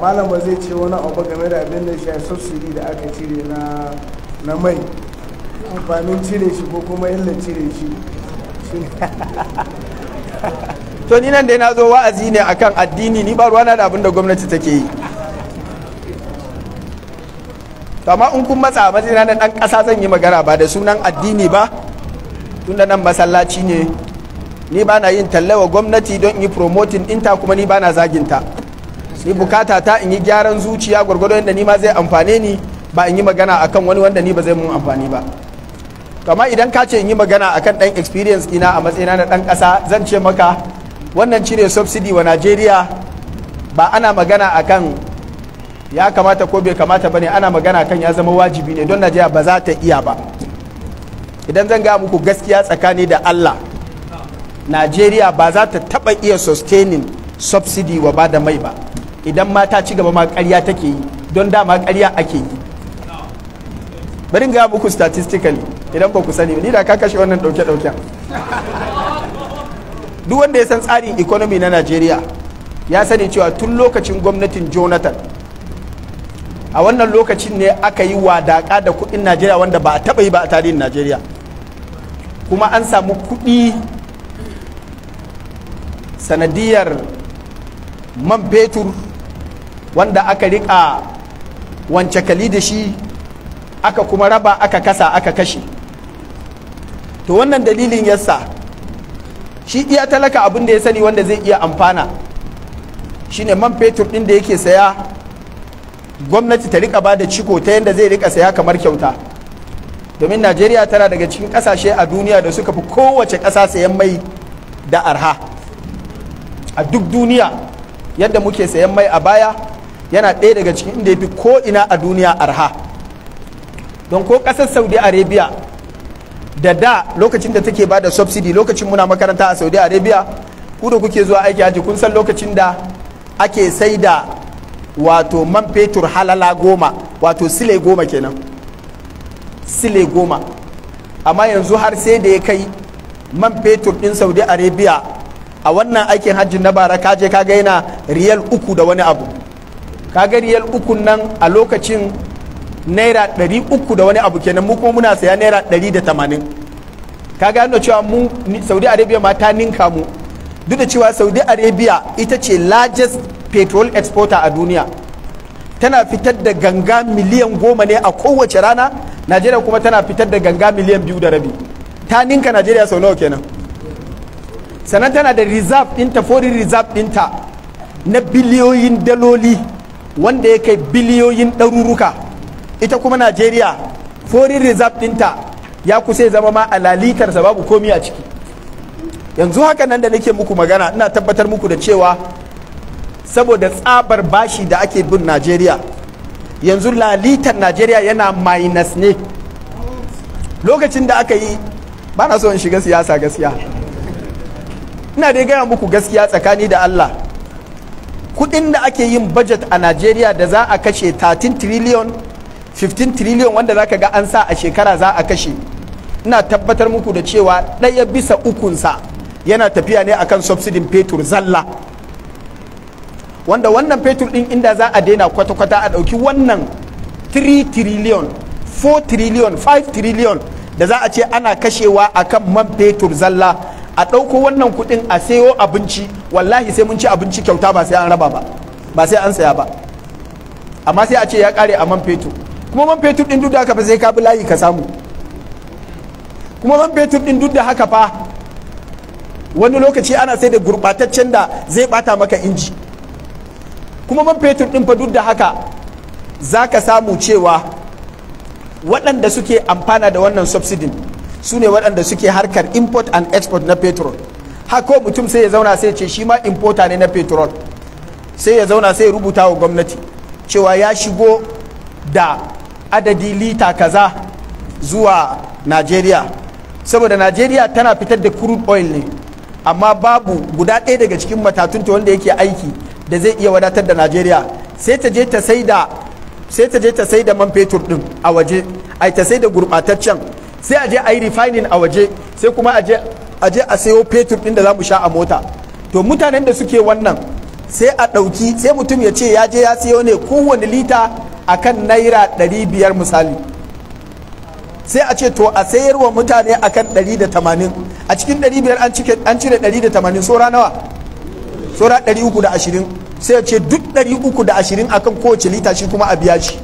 malama zai ce wani abu game da abin da shi subsidy da aka cire na mai amfanin cire shi ko kuma illa cire shi to ni nan da na zo wa'azi ne akan addini ni ba na da abin da gwamnati take yi to amma in kun matsa matsayina na dan kasa zan yi magana ba da sunan addini ba tunda nan masallaci ne ni ba na yin tallawa gwamnati don yi promoting inta kuma ni ba na zaginta ni bukata ta in yi gyaran zuciya gwargwado yadda ni ma zai amfane ni ba in yi magana akan wani wanda ni ba zai mun amfani ba kama idan ka ce in yi magana akan dan experience ina a matsayina na dan kasa zan ce maka wannan cire subsidy wa Najeriya ba ana magana akan ya kamata ko bai kamata bane ana magana kan ya zama wajibi ne don Najeriya ba za ta iya ba idan zan ga muku gaskiya tsakani da Allah Najeriya ba za ta taba iya sustaining subsidy wa bada mai ba idan mata ci gaba ma ƙarya take yi don dama ƙarya ake yi bari ga muku statistically idan ba ku sani ni da ka kashe wannan ɗauke dauke duk wanda ya san tsarin economy na Najeriya ya sani cewa tun lokacin gwamnatin Jonathan a wannan lokacin ne aka yi wadaka da kuɗin Najeriya wanda ba a taɓa yi ba a tarihin Najeriya kuma an samu kuɗi sanadiyar man fetur wanda aka riƙa wance kali da shi aka kuma raba aka kasa aka kashe to wannan dalilin yasa shi iya talaka abin da ya sani wanda zai iya amfana shine man fetur ɗin da yake saya gwamnati ta riƙa ba da ciko ta yadda zai riƙa saya kamar kyauta domin najeriya tana daga cikin ƙasashe a duniya da suka fi kowace ƙasa sayan mai da arha a duk duniya yadda muke sayan mai a baya yana ɗaya daga cikin inda ya fi ko'ina a duniya arha don ko ƙasar saudi arabia da da lokacin da take ba da subsidy lokacin muna makaranta a saudi arabia ku da kuke zuwa aiki haji kun san lokacin da ake sai da wato man fetur halala goma wato sile goma kenan sile goma amma yanzu har sai da ya kai man fetur ɗin saudi arabia a wannan aikin hajji na bara kaje ka gaina riyal uku da wani abu kagar riyal ukun nan a lokacin naira ɗari uku da wani abu kenan mu kuma muna saya naira ɗari da tamanin ka gano cewa mu saudi arabia ma ta ninka mu duk da cewa saudi arabia ita ce largest petrol exporter a duniya tana fitar da ganga miliyan goma ne a kowace rana najeriya kuma tana fitar da ganga miliyan biyu da rabi ta ninka najeriya sau nawa kenan sannan tana da reserve ɗinta foreign reserve ɗinta na biliyoyin daloli wanda ya kai biliyoyin ɗaruruka ita kuma najeriya foreign reserve ɗinta ya kusa zama ma a lalitarsa babu komi a ciki yanzu haka nan da nake muku magana ina tabbatar muku da cewa saboda tsabar bashi da ake bin najeriya yanzu lalitar najeriya yana minus ne lokacin da aka yi ba na so in shiga siyasa gaskiya ina dai gaya muku gaskiya tsakani da allah kudin da ake yin budget a najeriya da za a kashe 13 trillion 15 trillion wanda za ka ga an sa a shekara za a kashe ina tabbatar muku da cewa ɗaya bisa ukunsa yana tafiya ne akan subsidin fetur zalla wanda wannan fetur ɗin inda za a daina kwata-kwata a ɗauki wannan 3 trillion 4 trillion 5 trillion da za a ce ana kashewa akan man fetur zalla a ɗauko wannan kuɗin a sayo abinci wallahi sai mun ci abinci kyauta ba sai an raba ba ba sai an saya ba amma sai a ce ya ƙare a man fetur kuma man fetur ɗin duk da haka fa sai ka bi layi ka samu kuma man fetur ɗin duk da haka fa wani lokaci ana sai da gurɓataccen da zai ɓata maka inji kuma man fetur ɗin fa duk da haka za ka samu cewa waɗanda suke amfana da wannan subsidin su ne waɗanda suke harkar import and export na petrol hako mutum sai ya zauna sai ce shi ma importa ne na petrol sai ya zauna sai ya rubuta wa gwamnati cewa ya shigo da adadi lita kaza zuwa nigeria saboda nigeria tana fitar da crude oil ne amma babu guda ɗaya daga cikin matatunta wanda yake aiki da zai iya wadatar da nigeria sai ta je ta sai da man fetur din a waje ai ta sai da gurɓataccen sai a je a yi refining a waje sai kuma a je a sayo petur ɗin da za mu sha a mota to mutanen da suke wannan sai a ɗauki sai mutum ya ce ya je ya sayo ne kowane lita akan naira ɗari biyar misali sai a ce to a sayar wa mutane akan ɗari da tamanin a cikin ɗari biyar an cire ɗari da tamanin saura nawa saura ɗari uku da ashirin sai a ce duk ɗari uku da ashirin kowace lita shi kuma a biya shi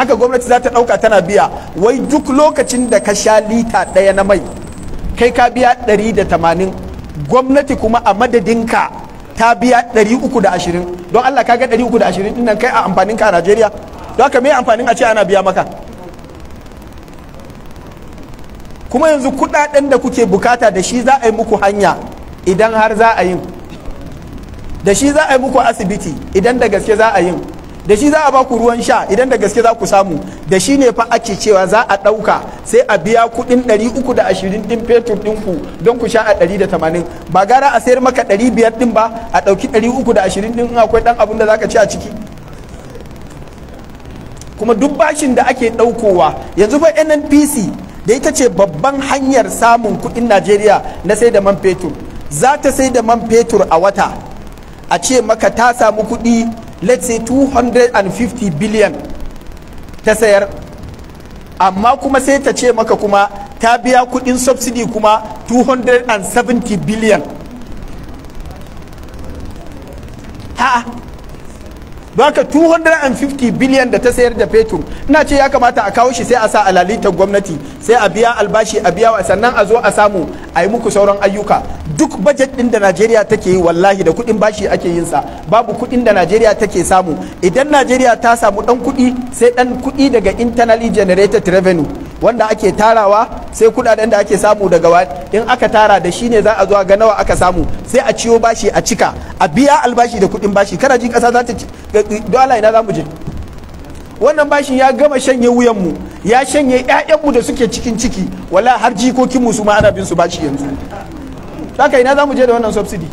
haka gwamnati za ta ɗauka tana biya wai duk lokacin da ka sha lita ɗaya na mai kai ka biya ɗari da tamanin gwamnati kuma a madadinka ta biya ɗari uku da ashirin don Allah ka ga ɗari uku da ashirin ɗin nan kai a amfanin ka a Najeriya don haka mai amfanin a ce ana biya maka kuma yanzu kuɗaɗen da kuke bukata da shi za a yi muku hanya idan har za a yin da shi za a yi muku asibiti idan da gaske za a yin da shi za a baku ruwan sha idan da gaske za ku samu da shi ne fa ake cewa za a ɗauka sai a biya kuɗin 320 ɗin fetur ɗinku don ku sha a 180 ba gara a sayar maka 500 ɗin ba a ɗauki 320 ɗin akwai ɗan abin da za ka ci a ciki kuma duk bashin da ake ɗaukowa yanzu fa nnpc da ita ce babban hanyar samun kuɗin najeriya na sai da man fetur za ta sai da man fetur a wata a ce maka ta samu kuɗi let's say 250 billion ta sayar amma kuma sai ta ce maka kuma ta biya kudin subsidy kuma 270 billion ha baka 250 billion da ta sayar da fetur ina ce ya kamata a kawo shi sai a sa alalitar gwamnati sai a biya albashi a biya sannan a zo a samu a yi muku sauran ayyuka duk bajet din da Najeriya take yi wallahi da kuɗin bashi ake yin sa babu kuɗin da Najeriya take samu idan Najeriya ta samu ɗan kuɗi sai ɗan kuɗi daga internally generated revenue wanda ake tarawa sai kuɗaɗen da ake samu daga in aka tara da shi ne za a zo ga nawa aka samu sai a ciyo bashi a cika a biya albashi da kuɗin bashi kana ji ƙasa za ta ci dola ina za mu je wannan bashin ya gama shanye wuyanmu ya shanye 'ya'yanmu da suke cikin ciki wala har jikokinmu su ma ana bin su bashi yanzu saka ina za mu je da wannan subsidy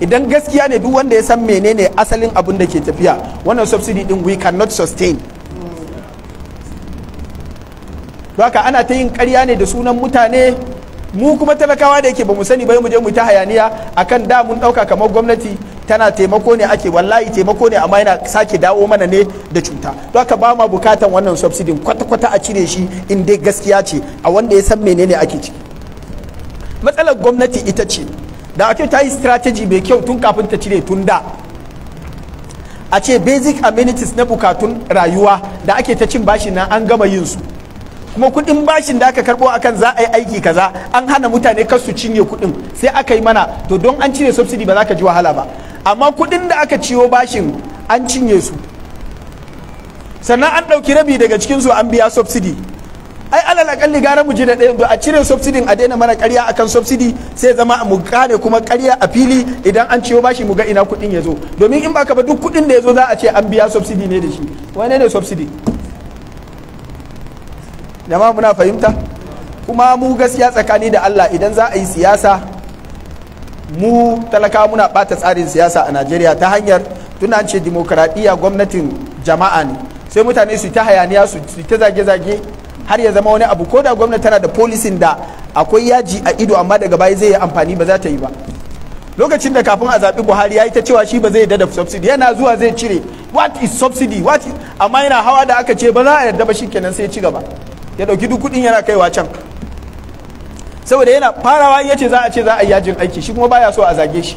idan gaskiya ne duk wanda ya san menene asalin abin da ke tafiya wannan subsidy din we cannot sustain haka ana ta yin karya ne da sunan mutane mu kuma talakawa da yake ba mu sani bai mu je mu ta hayaniya akan da mun ɗauka kamar gwamnati tana taimako ne ake wallahi taimako ne amma yana sake dawo mana ne da cuta don haka ba ma bukatan wannan subsidy kwata-kwata a cire shi in dai gaskiya ce a wanda ya san menene ake ciki matsalar gwamnati ita ce da ake ta yi strategy mai kyau tun kafin ta cire tun da a ce basic amenities na bukatun rayuwa da ake ta cin bashi na an gama yin su kuma kudin bashin da aka karbo akan za a yi aiki kaza an hana mutane kar su cinye kudin sai aka yi mana to don an cire subsidy ba za ka ji wahala ba amma kudin da aka ciyo bashin an cinye su sannan an ɗauki rabi daga cikin su an biya subsidy ai alal akalli gara mu ji da ɗaya a cire subsidin a daina mana ƙarya akan subsidi sai zama mu kare kuma ƙarya a fili idan an ciyo bashi mu ga ina kuɗin ya zo domin in baka ba duk kuɗin da ya zo za a ce an biya subsidi ne da shi wane ne subsidi jama'a muna fahimta kuma mu gaskiya tsakani da Allah idan za a yi siyasa mu talaka muna ɓata tsarin siyasa a Najeriya ta hanyar tunan ce dimokuraɗiyya gwamnatin jama'a ne sai mutane su ta hayaniya su ta zage-zage har ya zama wani abu ko da gwamnati tana da policy da akwai yaji a ido amma daga baya zai yi amfani ba za ta yi ba lokacin da kafin a zaɓi buhari ya yi ta cewa shi ba zai da subsidy yana zuwa zai cire what is subsidy what amma yana hawa da aka ce ba za a yarda ba shikenan sai ya ci gaba ya ɗauki duk kuɗin yana kaiwa can saboda yana farawa ya ce za a ce za a yi yajin aiki shi kuma baya so a zage shi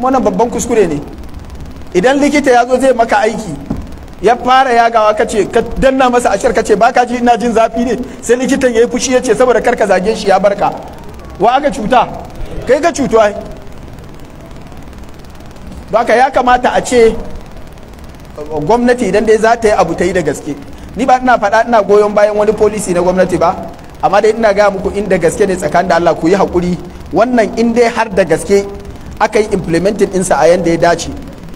wannan babban kuskure ne idan likita ya zo zai maka aiki ya fara yagawa ka ce ka danna masa ashir ka ce ba ka ji ina jin zafi ne sai likitan ya yi fushi ya ce saboda karka zage shi ya barka wa aka cuta kai ka ai baka ya kamata a ce gwamnati idan dai za ta yi abu ta yi da gaske ni ba ina faɗa ina goyon bayan wani polisi na gwamnati ba amma dai ina gaya muku inda gaske ne tsakanin da Allah ku yi haƙuri wannan in dai har da gaske aka yi implementing ɗinsa a yanda ya dace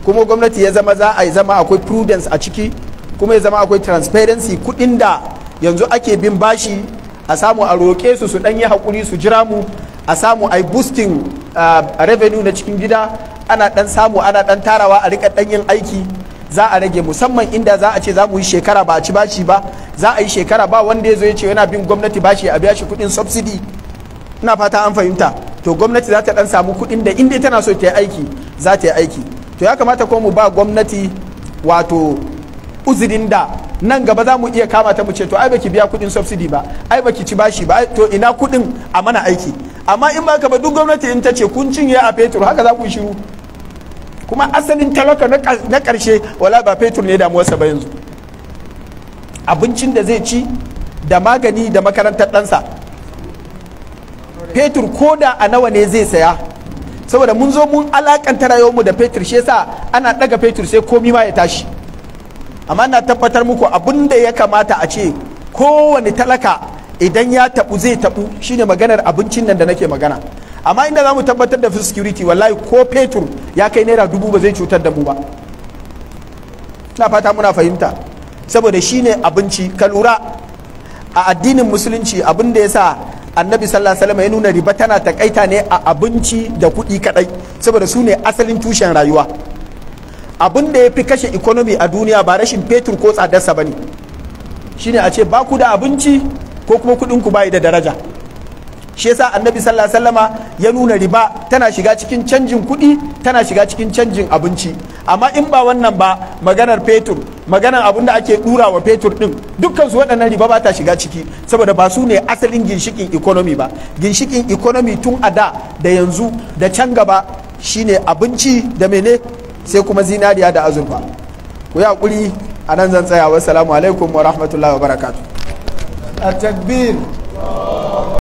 kuma gwamnati ya zama za a zama akwai prudence a ciki kuma ya zama akwai transparency kuɗin da yanzu ake bin bashi a samu a roƙe su su ɗanyi haƙuri su jira mu a samu a boosting revenue na cikin gida ana ɗan samu ana ɗan tarawa a rika ɗan yin aiki za a rage musamman inda za a ce za mu yi shekara ba a ci bashi ba za a yi shekara ba wanda ya zo ya ce yana bin gwamnati bashi a biya shi kuɗin subsidy ina fata an fahimta to gwamnati za ta ɗan samu kuɗin da inda tana so ta yi aiki za ta yi aiki to ya kamata ko mu ba gwamnati wato uzurin da nan gaba za mu iya kama ta mu ce to ai baki biya kudin subsidy ba ai baki ci bashi ba to ina kudin a mana aiki amma in ba ka ba duk gwamnati in ta ce kun cinye a fetur haka za ku shiru kuma asalin talaka na karshe wala ba fetur ne damuwar sa ba yanzu abincin da zai ci da magani da makarantar ɗansa fetur ko da a nawa ne zai saya saboda mun zo mun alakanta rayuwarmu da fetur shi yasa ana daga fetur sai komi ma ya tashi amma na tabbatar muku abin da ya kamata a ce kowane talaka idan ya tabu zai tabu shine maganar abincin nan da nake magana amma inda zamu tabbatar da food security wallahi ko fetur ya kai naira dubu ba zai cutar da mu ba na fata muna fahimta saboda shine abinci ka lura a addinin musulunci abin da yasa annabi sallallahu alaihi ya nuna riba tana takaita ne a abinci da kuɗi kadai saboda su ne asalin tushen rayuwa abin da ya fi kashe economy a duniya ba rashin fetur ko tsadarsa ba ne shine a ce ba ku da abinci ko kuma kuɗinku bayi da daraja shi yasa annabi sallallahu alaihi wasallama ya nuna riba tana shiga cikin canjin kuɗi tana shiga cikin canjin abinci amma in ba wannan ba maganar fetur maganar abin da ake dura wa fetur din dukkan su waɗannan riba ba ta shiga ciki saboda ba su ne asalin ginshikin economy ba ginshikin economy tun a da da yanzu da can gaba shine abinci da mene sai kuma zinariya da azurfa ku yi hakuri a nan zan tsaya wassalamu alaikum wa rahmatullahi wa barakatuh takbir